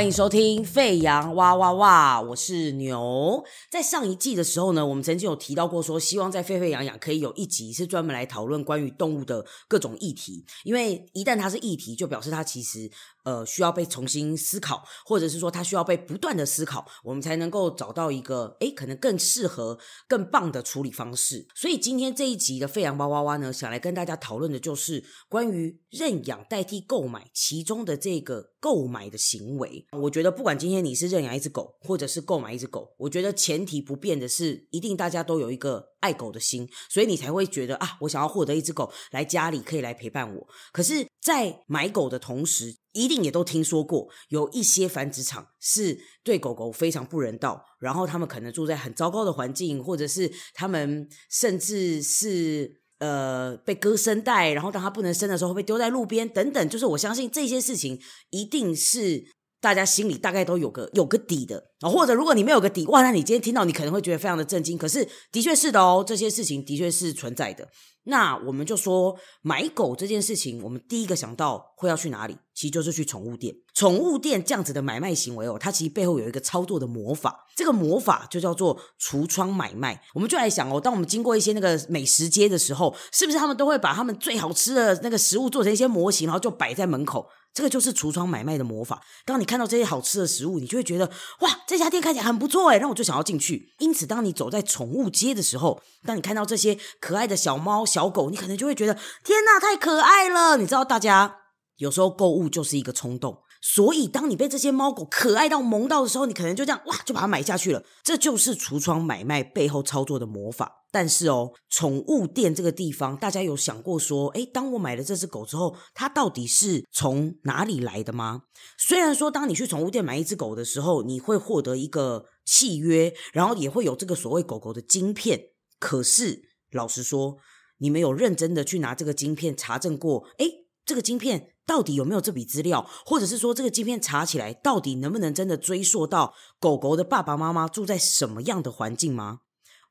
歡迎收聽《吠揚哇哇哇》，我是牛。在上一季的時候呢，我們曾經有提到過說，說希望在《吠吠揚養》可以有一集是專門來討論關於動物的各種議題，因為一旦它是議題，就表示它其實。呃，需要被重新思考，或者是說它需要被不斷的思考，我們才能夠找到一個哎，可能更適合、更棒的處理方式。所以今天這一集的吠揚哇哇哇呢，想來跟大家討論的就是關於認養代替購買其中的這個購買的行為。我覺得不管今天你是認養一只狗，或者是購買一只狗，我覺得前提不變的是，一定大家都有一個愛狗的心，所以你才會覺得啊，我想要獲得一只狗來家裡可以來陪伴我。可是，在買狗的同時，一定也都聽說過，有一些繁殖場是對狗狗非常不人道，然後他們可能住在很糟糕的環境，或者是他們甚至是呃被割聲帶，然後當他不能生的時候會被丟在路邊等等。就是我相信這些事情一定是。大家心裡大概都有個有個底的。哦，或者如果你沒有個底，哇，那你今天聽到你可能會覺得非常的震驚。可是的確是的哦，這些事情的確是存在的。那我們就說買狗這件事情，我們第一個想到會要去哪裡，其實就是去寵物店。寵物店這樣子的買賣行為哦，它其實背後有一個操作的魔法，這個魔法就叫做櫥窗買賣。我們就來想哦，當我們經過一些那個美食街的時候，是不是他們都會把他們最好吃的那個食物做成一些模型，然後就擺在門口。這個就是櫥窗買賣的魔法。當你看到這些好吃的食物，你就會覺得哇，這家店看起來很不錯哎，讓我就想要進去。因此，當你走在寵物街的時候，當你看到這些可愛的小貓小狗，你可能就會覺得天哪，太可愛了。你知道，大家有時候購物就是一個衝動。所以，當你被這些貓狗可愛到、萌到的時候，你可能就這樣哇，就把它買下去了。這就是櫥窗買賣背後操作的魔法。但是哦，寵物店這個地方，大家有想過說，哎，當我買了這隻狗之後，它到底是從哪裡來的嗎？雖然說，當你去寵物店買一隻狗的時候，你會獲得一個契約，然後也會有這個所謂狗狗的晶片。可是，老實說，你沒有認真的去拿這個晶片查證過，哎，這個晶片。到底有沒有這筆資料，或者是說這個晶片查起來，到底能不能真的追溯到狗狗的爸爸媽媽住在什麼樣的環境嗎？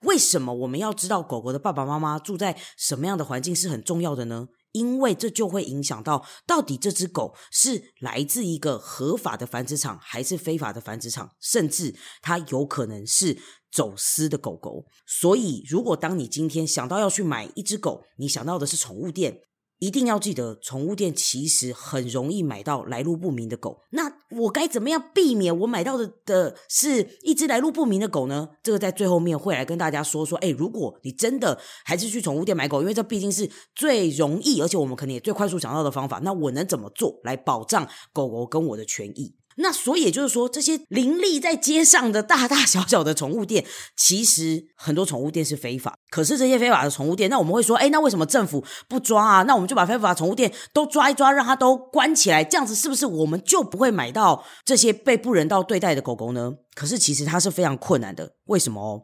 為什麼我們要知道狗狗的爸爸媽媽住在什麼樣的環境是很重要的呢？因為這就會影響到到底這隻狗是來自一個合法的繁殖場，還是非法的繁殖場，甚至它有可能是走私的狗狗。所以，如果當你今天想到要去買一只狗，你想到的是寵物店。一定要記得，寵物店其實很容易買到來路不明的狗。那我該怎麼樣避免我買到的的是一只來路不明的狗呢？這個在最後面會來跟大家說說。誒，如果你真的還是去寵物店買狗，因為這畢竟是最容易，而且我們肯定也最快速想到的方法。那我能怎麼做來保障狗狗跟我的權益？那所以也就是說，這些林立在街上的大大小小的寵物店，其實很多寵物店是非法。可是這些非法的寵物店，那我們會說，哎、欸，那為什麼政府不抓啊？那我們就把非法寵物店都抓一抓，讓它都關起來，這樣子是不是我們就不會買到這些被不人道對待的狗狗呢？可是其實它是非常困難的。為什麼哦？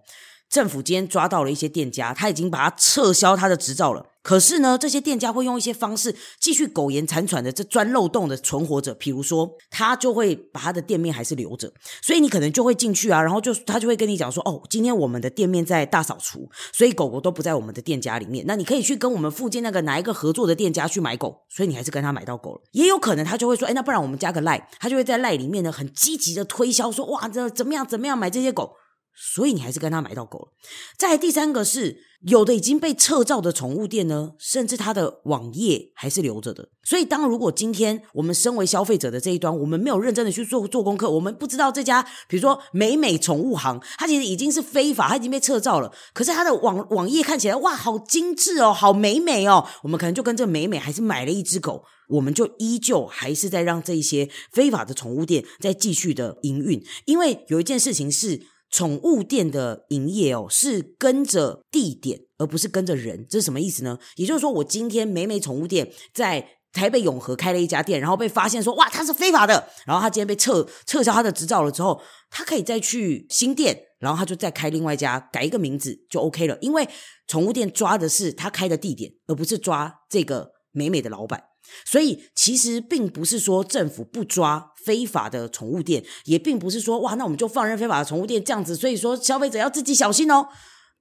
政府今天抓到了一些店家，他已經把它撤銷他的執照了。可是呢，這些店家會用一些方式繼續苟延殘喘的，這鑽漏洞的存活者，比如說，他就會把他的店面還是留着，所以你可能就會進去啊，然後就他就會跟你講說，哦，今天我們的店面在大掃除，所以狗狗都不在我們的店家裡面。那你可以去跟我們附近那個哪一個合作的店家去買狗，所以你還是跟他買到狗了。也有可能他就會說，哎，那不然我們加個賴，他就會在賴裡面呢很積極的推銷說，說哇這怎，怎麼樣怎麼樣買這些狗，所以你還是跟他買到狗了。再來第三個是。有的已經被撤照的寵物店呢，甚至它的網頁還是留着的。所以，當然如果今天我們身為消費者的這一端，我們沒有認真的去做做功課，我們不知道這家比如說美美寵物行，它其實已經是非法，它已經被撤照了。可是它的網網頁看起來哇，好精緻哦，好美美哦。我們可能就跟這美美還是買了一隻狗，我們就依舊還是在讓這些非法的寵物店在繼續的營運，因為有一件事情是。寵物店的營業哦，是跟着地點，而不是跟着人，這是什麼意思呢？也就是說，我今天美美寵物店在台北永和開了一家店，然後被發現說哇，他是非法的，然後他今天被撤撤銷他的執照了之後，他可以再去新店，然後他就再開另外一家，改一個名字就 OK 了，因為寵物店抓的是他開的地點，而不是抓這個美美的老闆。所以，其實並不是說政府不抓非法的寵物店，也並不是說哇，那我們就放任非法的寵物店這樣子。所以說，消費者要自己小心哦。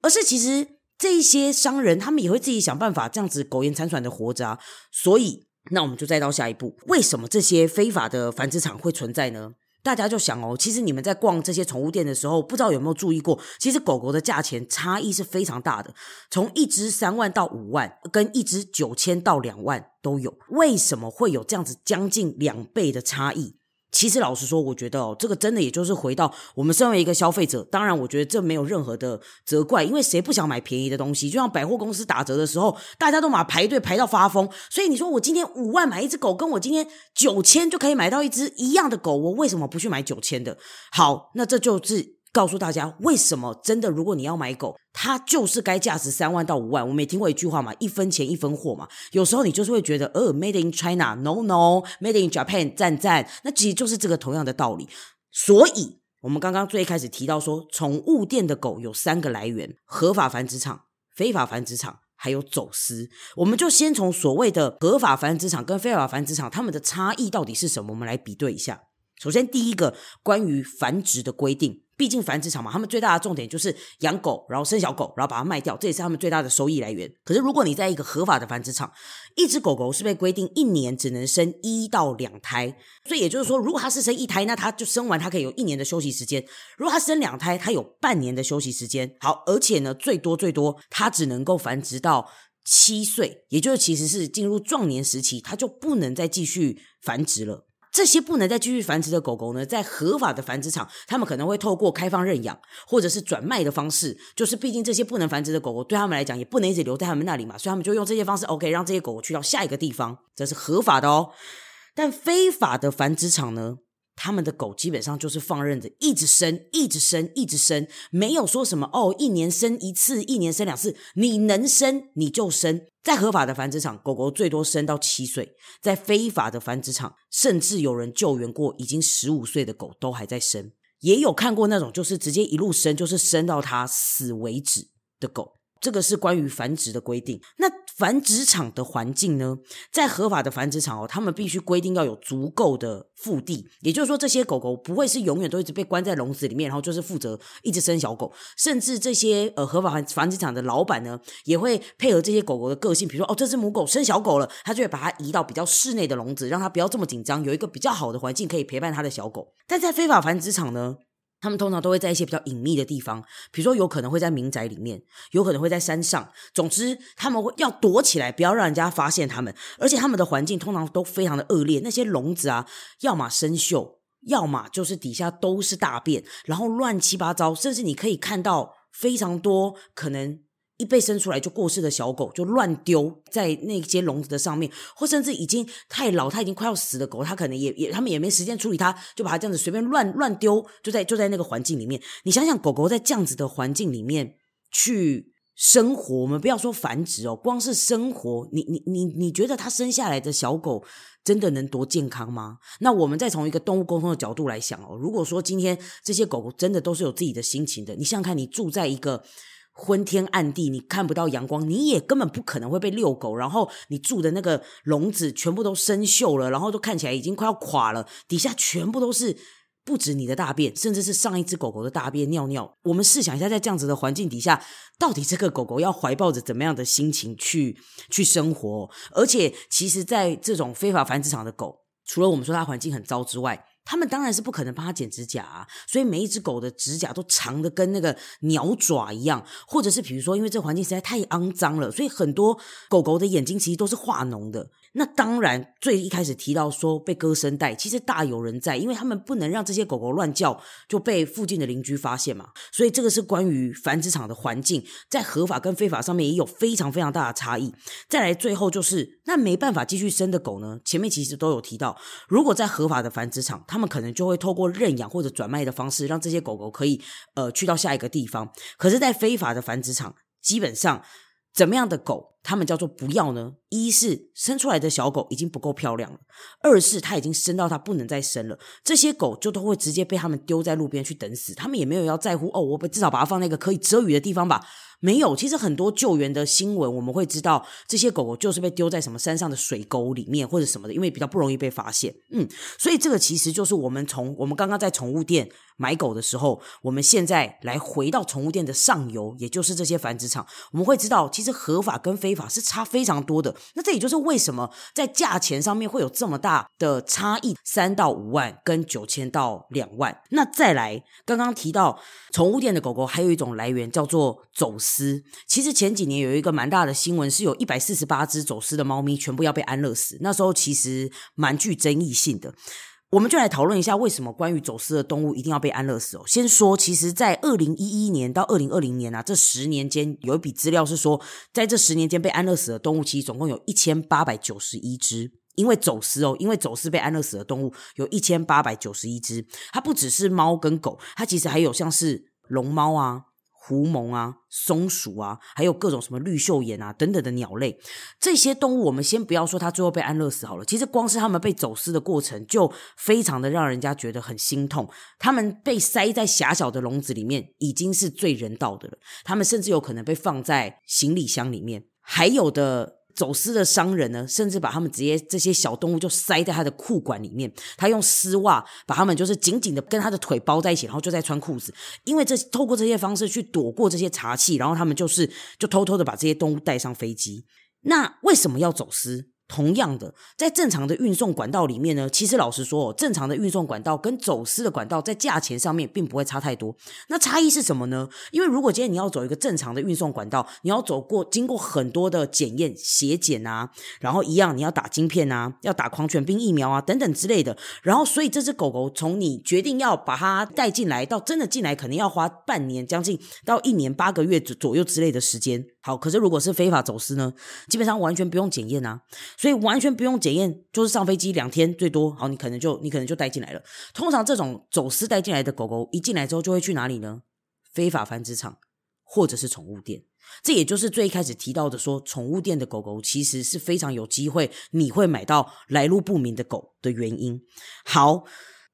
而是其實這一些商人他們也會自己想辦法，這樣子苟延殘喘的活着啊。所以，那我們就再到下一步，為什麼這些非法的繁殖場會存在呢？大家就想哦，其實你們在逛這些寵物店的時候，不知道有沒有注意過，其實狗狗的價錢差異是非常大的，從一隻三萬到五萬，跟一隻九千到兩萬都有。為什麼會有這樣子將近兩倍的差異？其實老實說，我覺得哦，這個真的也就是回到我們身為一個消費者。當然，我覺得這沒有任何的責怪，因為誰不想買便宜的東西？就像百貨公司打折的時候，大家都馬排隊排到發瘋。所以你說，我今天五萬買一隻狗，跟我今天九千就可以買到一隻一樣的狗，我為什麼不去買九千的？好，那這就是。告訴大家為什麼真的？如果你要買狗，它就是該價值三萬到五萬。我沒聽過一句話嘛，“一分錢一分貨”嘛。有時候你就是會覺得，“呃、哦，Made in China，No No，Made in Japan，讚讚。”那其實就是這個同樣的道理。所以，我們剛剛最開始提到說，寵物店的狗有三個來源：合法繁殖場、非法繁殖場，還有走私。我們就先從所謂的合法繁殖場跟非法繁殖場它們的差異到底是什麼，我們來比對一下。首先，第一個關於繁殖的規定。畢竟繁殖場嘛，他們最大的重點就是養狗，然後生小狗，然後把它賣掉，這也是他們最大的收益來源。可是，如果你在一個合法的繁殖場，一只狗狗是被規定一年只能生一到兩胎，所以也就是說，如果它是生一胎，那它就生完它可以有一年的休息時間；如果它生兩胎，它有半年的休息時間。好，而且呢，最多最多它只能夠繁殖到七歲，也就是其實是進入壯年時期，它就不能再繼續繁殖了。這些不能再繼續繁殖的狗狗呢，在合法的繁殖場，他們可能會透過開放認養或者是轉賣的方式，就是畢竟這些不能繁殖的狗狗，對他們來講也不能一直留在他們那裡嘛，所以他們就用這些方式，OK，讓這些狗狗去到下一個地方，這是合法的哦。但非法的繁殖場呢？他們的狗基本上就是放任着，一直生，一直生，一直生，沒有說什麼哦，一年生一次，一年生兩次，你能生你就生。在合法的繁殖場，狗狗最多生到七歲；在非法的繁殖場，甚至有人救援過已經十五歲的狗都還在生，也有看過那種就是直接一路生，就是生到它死為止的狗。這個是關於繁殖的規定。那繁殖場的環境呢？在合法的繁殖場哦，他們必須規定要有足夠的腹地，也就是說，這些狗狗不會是永遠都一直被關在籠子裡面，然後就是負責一直生小狗。甚至這些呃合法繁殖場的老板呢，也會配合這些狗狗的個性，比如說哦，這隻母狗生小狗了，他就會把它移到比較室內的籠子，讓它不要這麼緊張，有一個比較好的環境可以陪伴它的小狗。但在非法繁殖場呢？他們通常都會在一些比較隱秘的地方，比如說有可能會在民宅裡面，有可能會在山上。總之，他們會要躲起來，不要讓人家發現他們。而且，他們的環境通常都非常的惡劣，那些籠子啊，要麼生鏽，要麼就是底下都是大便，然後亂七八糟，甚至你可以看到非常多可能。一被生出來就過世的小狗，就亂丟在那些籠子的上面，或甚至已經太老，他已經快要死的狗，他可能也也他們也沒時間處理它，他就把它這樣子隨便亂亂丟，就在就在那個環境裡面。你想想，狗狗在這樣子的環境裡面去生活，我們不要說繁殖哦，光是生活，你你你你覺得它生下來的小狗真的能多健康嗎？那我們再從一個動物溝通的角度來想哦，如果說今天這些狗狗真的都是有自己的心情的，你想想看，你住在一個，昏天暗地，你看不到陽光，你也根本不可能會被遛狗。然後你住的那個籠子全部都生鏽了，然後都看起來已經快要垮了，底下全部都是不止你的大便，甚至是上一隻狗狗的大便尿尿。我們試想一下，在這樣子的環境底下，到底這個狗狗要懷抱着怎麼樣的心情去去生活？而且，其實，在這種非法繁殖場的狗，除了我們說它環境很糟之外，他們當然是不可能幫他剪指甲，啊，所以每一只狗的指甲都長得跟那個鳥爪一樣，或者是比如說，因為這環境實在太骯髒了，所以很多狗狗的眼睛其實都是化膿的。那當然，最一開始提到說被割聲帶，其實大有人在，因為他們不能讓這些狗狗亂叫，就被附近的鄰居發現嘛。所以這個是關於繁殖場的環境，在合法跟非法上面也有非常非常大的差異。再來最後就是，那沒辦法繼續生的狗呢？前面其實都有提到，如果在合法的繁殖場，它他們可能就會透過認養或者轉賣的方式，讓這些狗狗可以呃去到下一個地方。可是，在非法的繁殖場，基本上怎麼樣的狗？他們叫做不要呢，一是生出來的小狗已經不夠漂亮了，二是它已經生到它不能再生了，這些狗就都會直接被他們丟在路邊去等死，他們也沒有要在乎哦，我至少把它放那個可以遮雨的地方吧，沒有，其實很多救援的新聞我們會知道，這些狗狗就是被丟在什麼山上的水溝裡面或者什麼的，因為比較不容易被發現，嗯，所以這個其實就是我們從我們剛剛在寵物店買狗的時候，我們現在來回到寵物店的上游，也就是這些繁殖場，我們會知道其實合法跟非。法是差非常多的，那這也就是為什麼在價錢上面會有這麼大的差異，三到五萬跟九千到兩萬。那再來，剛剛提到寵物店的狗狗還有一種來源叫做走私。其實前幾年有一個蠻大的新聞，是有一百四十八隻走私的貓咪全部要被安樂死，那時候其實蠻具爭議性的。我們就來討論一下，為什麼關於走私的動物一定要被安樂死哦？先說，其實，在二零一一年到二零二零年啊，這十年間，有一筆資料是說，在這十年間被安樂死的動物，其實總共有一千八百九十一隻，因為走私哦，因為走私被安樂死的動物有一千八百九十一隻，它不只是貓跟狗，它其實還有像是龍貓啊。狐獴啊，松鼠啊，還有各種什麼綠繡眼啊等等的鳥類，這些動物我們先不要說它最後被安樂死好了，其實光是它們被走私的過程就非常的讓人家覺得很心痛。它們被塞在狹小的籠子裡面，已經是最人道的了。它們甚至有可能被放在行李箱裡面，還有的。走私的商人呢，甚至把他們直接這些小動物就塞在他的褲管裡面，他用絲襪把他們就是緊緊的跟他的腿包在一起，然後就在穿褲子，因為這透過這些方式去躲過這些查緝，然後他們就是就偷偷的把這些動物帶上飛機。那為什麼要走私？同樣的，在正常的運送管道裡面呢，其實老實說哦，正常的運送管道跟走私的管道在價錢上面並不會差太多。那差異是什麼呢？因為如果今天你要走一個正常的運送管道，你要走過經過很多的檢驗、血檢啊，然後一樣你要打晶片啊，要打狂犬病疫苗啊等等之類的。然後，所以這只狗狗從你決定要把它帶進來，到真的進來，可能要花半年將近到一年八個月左左右之類的時間。好，可是如果是非法走私呢，基本上完全不用檢驗啊，所以完全不用檢驗，就是上飛機兩天最多，好，你可能就你可能就帶進來了。通常這種走私帶進來的狗狗一進來之後就會去哪裡呢？非法繁殖場或者是寵物店，這也就是最開始提到的說，寵物店的狗狗其實是非常有機會你會買到來路不明的狗的原因。好。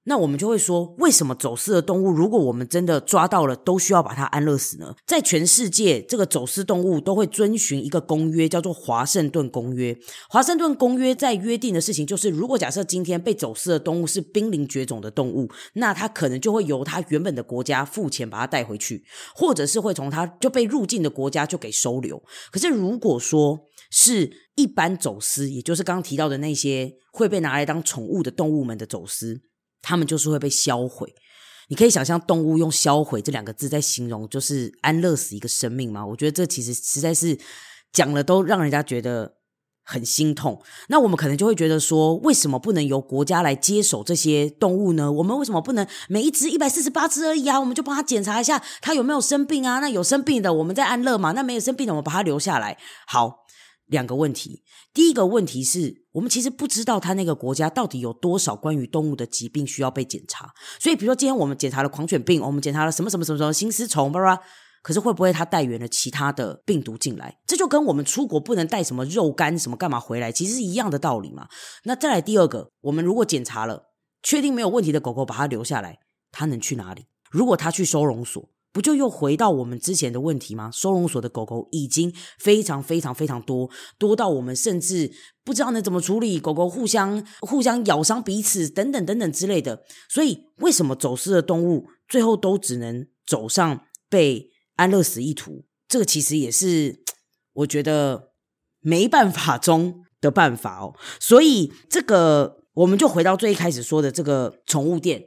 那我們就會說，為什麼走私的動物，如果我們真的抓到了，都需要把它安樂死呢？在全世界，這個走私動物都會遵循一個公約，叫做《華盛頓公約》。華盛頓公約在約定的事情就是，如果假設今天被走私的動物是瀕臨絕種的動物，那它可能就會由它原本的國家付錢把它帶回去，或者是會從它就被入境的國家就給收留。可是如果說是一般走私，也就是剛剛提到的那些會被拿來當寵物的動物們的走私。他們就是會被銷毀，你可以想象動物用“銷毀”這兩個字在形容，就是安樂死一個生命嗎？我覺得這其實實在是講了都讓人家覺得很心痛。那我們可能就會覺得說，為什麼不能由國家來接手這些動物呢？我們為什麼不能每一隻一百四十八隻而已啊？我們就幫他檢查一下，他有沒有生病啊？那有生病的，我們再安樂嘛？那沒有生病的，我們把它留下來，好。兩個問題，第一個問題是，我們其實不知道他那個國家到底有多少關於動物的疾病需要被檢查。所以，比如說今天我們檢查了狂犬病，我們檢查了什麼什麼什麼什麼心絲蟲，可是會不會他帶原了其他的病毒進來？這就跟我們出國不能帶什麼肉乾什麼乾嘛回來，其實是一樣的道理嘛。那再來第二個，我們如果檢查了確定沒有問題的狗狗，把它留下來，它能去哪裡？如果它去收容所？不就又回到我們之前的問題嗎？收容所的狗狗已經非常非常非常多，多到我們甚至不知道能怎麼處理。狗狗互相互相咬傷彼此，等等等等之類的。所以，為什麼走失的動物最後都只能走上被安樂死一途？這個其實也是我覺得沒辦法中的辦法哦。所以，這個我們就回到最一開始說的這個寵物店。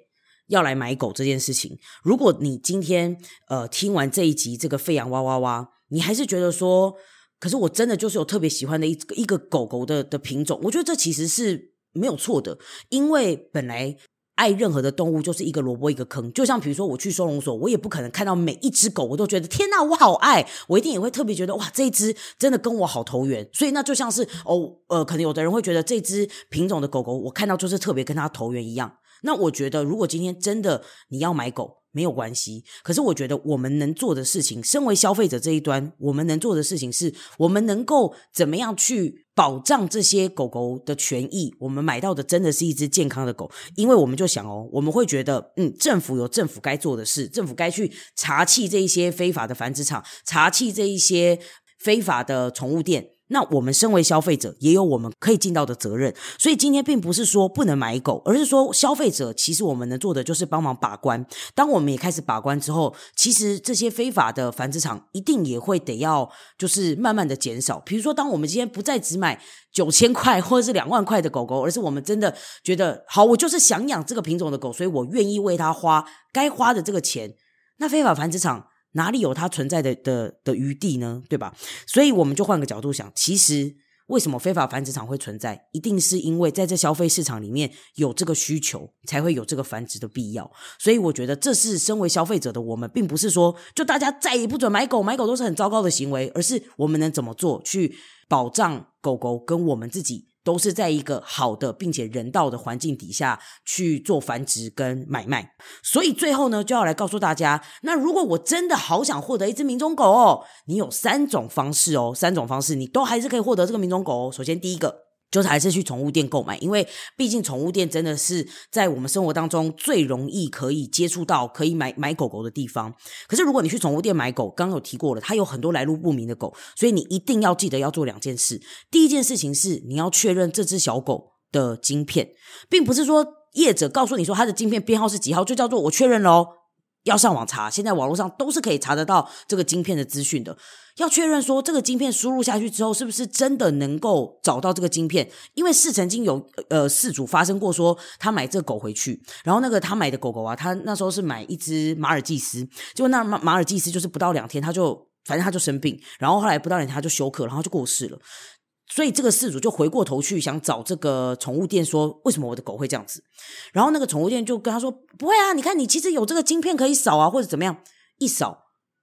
要來買狗這件事情，如果你今天呃聽完這一集這個吠揚哇哇哇，你還是覺得說，可是我真的就是有特別喜歡的一一個狗狗的的品種，我覺得這其實是沒有錯的，因為本來愛任何的動物就是一個蘿蔔一個坑，就像比如說我去收容所，我也不可能看到每一隻狗我都覺得天哪，我好愛，我一定也會特別覺得哇，這一隻真的跟我好投緣，所以那就像是哦呃，可能有的人會覺得這隻品種的狗狗，我看到就是特別跟它投緣一樣。那我覺得，如果今天真的你要買狗，沒有關係。可是我覺得，我們能做的事情，身為消費者這一端，我們能做的事情是，我們能夠怎麼樣去保障這些狗狗的權益，我們買到的真的是一只健康的狗，因為我們就想哦，我們會覺得，嗯，政府有政府該做的事，政府該去查緝這一些非法的繁殖場，查緝這一些非法的寵物店。那我們身為消費者，也有我們可以盡到的責任。所以今天並不是說不能買狗，而是說消費者，其實我們能做的就是幫忙把關。當我們也開始把關之後，其實這些非法的繁殖場一定也會得要，就是慢慢的減少。比如說，當我們今天不再只買九千塊或者是兩萬塊的狗狗，而是我們真的覺得好，我就是想養這個品種的狗，所以我願意為它花該花的這個錢。那非法繁殖場。哪裡有它存在的的的餘地呢？對吧？所以我們就換個角度想，其實為什麼非法繁殖場會存在？一定是因為在這消費市場裡面有這個需求，才會有這個繁殖的必要。所以我覺得，這是身為消費者的我們，並不是說就大家再也不准買狗，買狗都是很糟糕的行為，而是我們能怎麼做去保障狗狗跟我們自己，都是在一個好的並且人道的環境底下去做繁殖跟買賣，所以最後呢，就要來告訴大家，那如果我真的好想獲得一隻名種狗哦，你有三種方式哦，三種方式你都還是可以獲得這個名種狗哦，首先第一個。就是還是去寵物店購買，因為畢竟寵物店真的是在我們生活當中最容易可以接觸到可以買買狗狗的地方。可是如果你去寵物店買狗，剛剛我提過了，它有很多來路不明的狗，所以你一定要記得要做兩件事。第一件事情是你要確認這隻小狗的晶片，並不是說業者告訴你說它的晶片編號是幾號，就叫做我確認嘍。要上網查，現在網絡上都是可以查得到這個晶片的資訊的。要確認說，這個晶片輸入下去之後，是不是真的能夠找到這個晶片？因為是曾經有呃事主發生過，說他買這個狗回去，然後那個他買的狗狗啊，他那時候是買一隻馬爾濟斯，結果那馬馬爾濟斯就是不到兩天他就，反正他就生病，然後後來不到兩天他就休克，然後就過世了。所以這個事主就回過頭去想找這個寵物店，說，為什麼我的狗會這樣子？然後那個寵物店就跟他說，不會啊，你看你其實有這個晶片可以掃啊，或者怎麼樣，一掃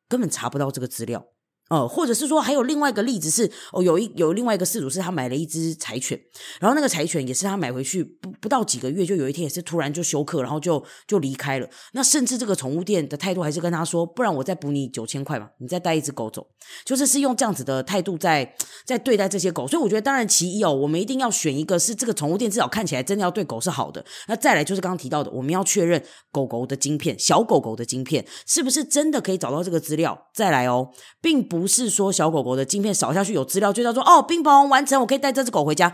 根本查不到這個資料。呃，或者是說還有另外一個例子是，哦，有一有另外一個事主是他買了一只柴犬，然後那個柴犬也是他買回去不不到幾個月，就有一天也是突然就休克，然後就就離開了。那甚至這個寵物店的態度還是跟他說，不然我再補你九千塊嘛，你再帶一只狗走，就是是用這樣子的態度在在對待這些狗。所以我覺得，當然，其一哦，我們一定要選一個是這個寵物店至少看起來真的要對狗是好的。那再來就是剛剛提到的，我們要確認狗狗的晶片，小狗狗的晶片是不是真的可以找到這個資料。再來哦，並不。不是說小狗狗的晶片掃下去有資料就叫做哦，賓果完成，我可以帶這隻狗回家。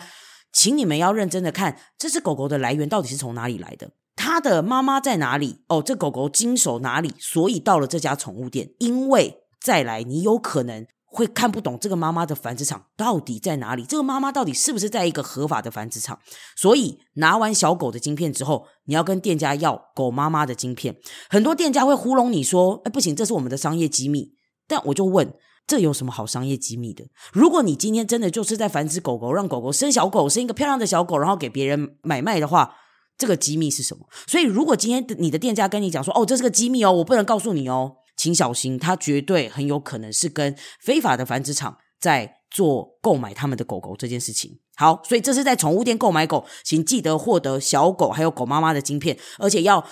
請你們要認真的看，這隻狗狗的來源到底是從哪裡來的？它的媽媽在哪裡？哦，這狗狗經手哪裡？所以到了這家寵物店，因為再來你有可能會看不懂這個媽媽的繁殖場到底在哪裡？這個媽媽到底是不是在一個合法的繁殖場？所以拿完小狗的晶片之後，你要跟店家要狗媽媽的晶片。很多店家會糊弄你說：“哎，不行，這是我們的商業機密。”但我就問。這有什麼好商業機密的？如果你今天真的就是在繁殖狗狗，讓狗狗生小狗，生一個漂亮的小狗，然後給別人買賣的話，這個機密是什麼？所以，如果今天你的店家跟你講說，哦，這是個機密哦，我不能告訴你哦，請小心，他絕對很有可能是跟非法的繁殖場在做購買他們的狗狗這件事情。好，所以這是在寵物店購買狗，請記得獲得小狗還有狗媽媽的晶片，而且要。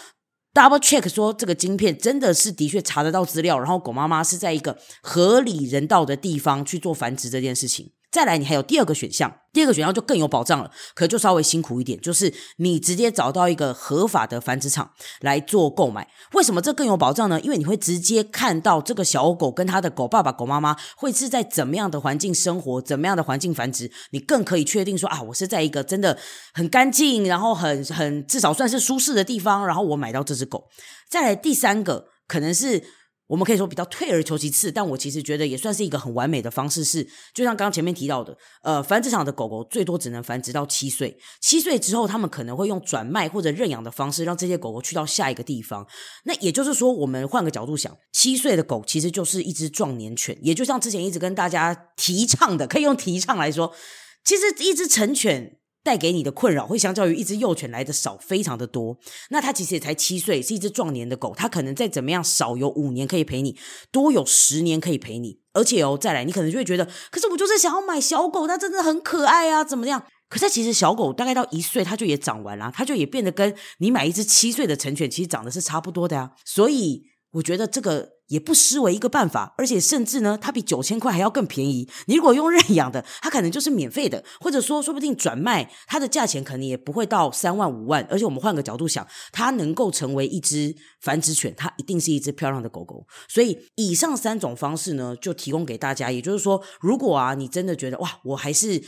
Double check 說這個晶片真的是的確查得到資料，然後狗媽媽是在一個合理人道的地方去做繁殖這件事情。再來，你還有第二個選項，第二個選項就更有保障了，可就稍微辛苦一點，就是你直接找到一個合法的繁殖場來做購買。為什麼這更有保障呢？因為你會直接看到這個小狗跟他的狗爸爸、狗媽媽會是在怎麼樣的環境生活、怎麼樣的環境繁殖，你更可以確定說啊，我是在一個真的很乾淨，然後很很至少算是舒適的地方，然後我買到這隻狗。再來第三個可能是。我們可以說比較退而求其次，但我其實覺得也算是一個很完美的方式是，是就像剛剛前面提到的，呃，繁殖場的狗狗最多只能繁殖到七歲，七歲之後他們可能會用轉賣或者認養的方式，讓這些狗狗去到下一個地方。那也就是說，我們換個角度想，七歲的狗其實就是一只壯年犬，也就像之前一直跟大家提倡的，可以用提倡來說，其實一只成犬。帶給你的困擾會相較於一隻幼犬來的少，非常的多。那它其實也才七歲，是一隻壯年的狗，它可能再怎麼樣少有五年可以陪你，多有十年可以陪你。而且哦，再來你可能就會覺得，可是我就是想要買小狗，它真的很可愛啊，怎麼樣？可是其實小狗大概到一歲，它就也長完了，它就也變得跟你買一隻七歲的成犬其實長得是差不多的呀。所以我覺得這個。也不失為一個辦法，而且甚至呢，它比九千塊還要更便宜。你如果用認養的，它可能就是免費的，或者說，說不定轉賣它的價錢可能也不會到三萬五萬。而且我們換個角度想，它能夠成為一隻繁殖犬，它一定是一隻漂亮的狗狗。所以，以上三種方式呢，就提供給大家。也就是說，如果啊，你真的覺得哇，我還是。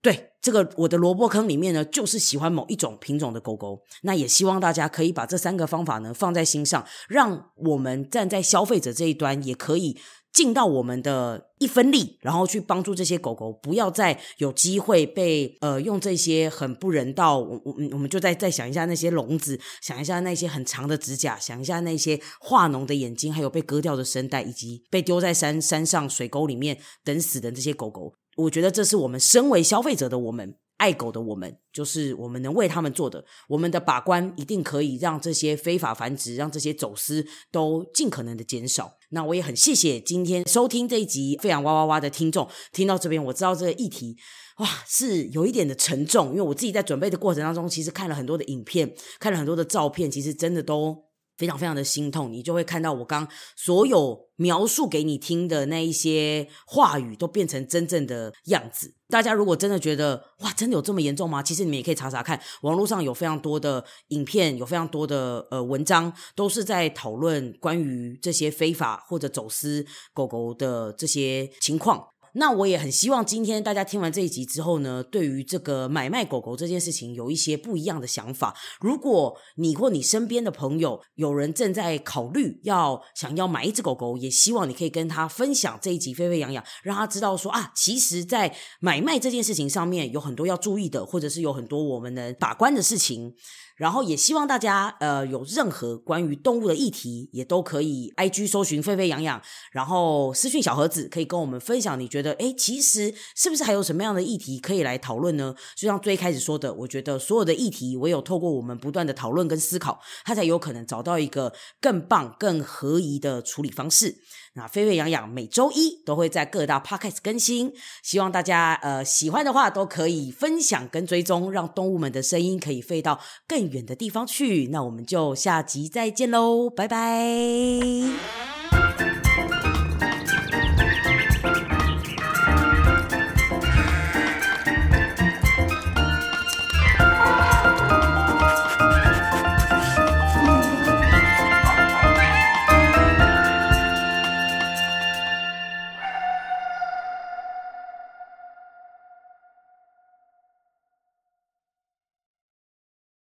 對這個，我的蘿蔔坑裡面呢，就是喜歡某一種品種的狗狗。那也希望大家可以把這三個方法呢，放在心上，讓我們站在消費者這一端，也可以盡到我們的一分力，然後去幫助這些狗狗，不要再有機會被呃用這些很不人道。我我我們就再再想一下那些籠子，想一下那些很長的指甲，想一下那些化膿的眼睛，還有被割掉的聲帶，以及被丟在山山上水溝裡面等死的這些狗狗。我覺得這是我們身為消費者的我們，愛狗的我們，就是我們能為他們做的，我們的把關一定可以讓這些非法繁殖，讓這些走私都盡可能的減少。那我也很謝謝今天收聽這一集《吠揚哇哇哇》的聽眾，聽到這邊，我知道這個議題，哇，是有一點的沉重，因為我自己在準備的過程當中，其實看了很多的影片，看了很多的照片，其實真的都。非常非常的心痛，你就會看到我剛所有描述給你聽的那一些話語，都變成真正的樣子。大家如果真的覺得，哇，真的有這麼嚴重嗎？其實你們也可以查查看，網絡上有非常多的影片，有非常多的呃文章，都是在討論關於這些非法或者走私狗狗的這些情況。那我也很希望今天大家聽完這一集之後呢，對於這個買賣狗狗這件事情有一些不一樣的想法。如果你或你身邊的朋友有人正在考慮要想要買一隻狗狗，也希望你可以跟他分享這一集吠吠揚養，讓他知道說啊，其實，在買賣這件事情上面有很多要注意的，或者是有很多我們能把關的事情。然後也希望大家，呃，有任何關於動物的議題，也都可以 IG 搜尋“吠吠揚養”，然後私訊小盒子可以跟我們分享。你覺得，誒其實是不是還有什麼樣的議題可以來討論呢？就像最開始說的，我覺得所有的議題，唯有透過我們不斷的討論跟思考，它才有可能找到一個更棒、更合宜的處理方式。那“吠吠揚養”每周一都會在各大 Podcast 更新，希望大家，呃，喜歡的話都可以分享跟追蹤，讓動物們的聲音可以飛到更。遠的地方去，那我們就下集再見嘍，拜拜。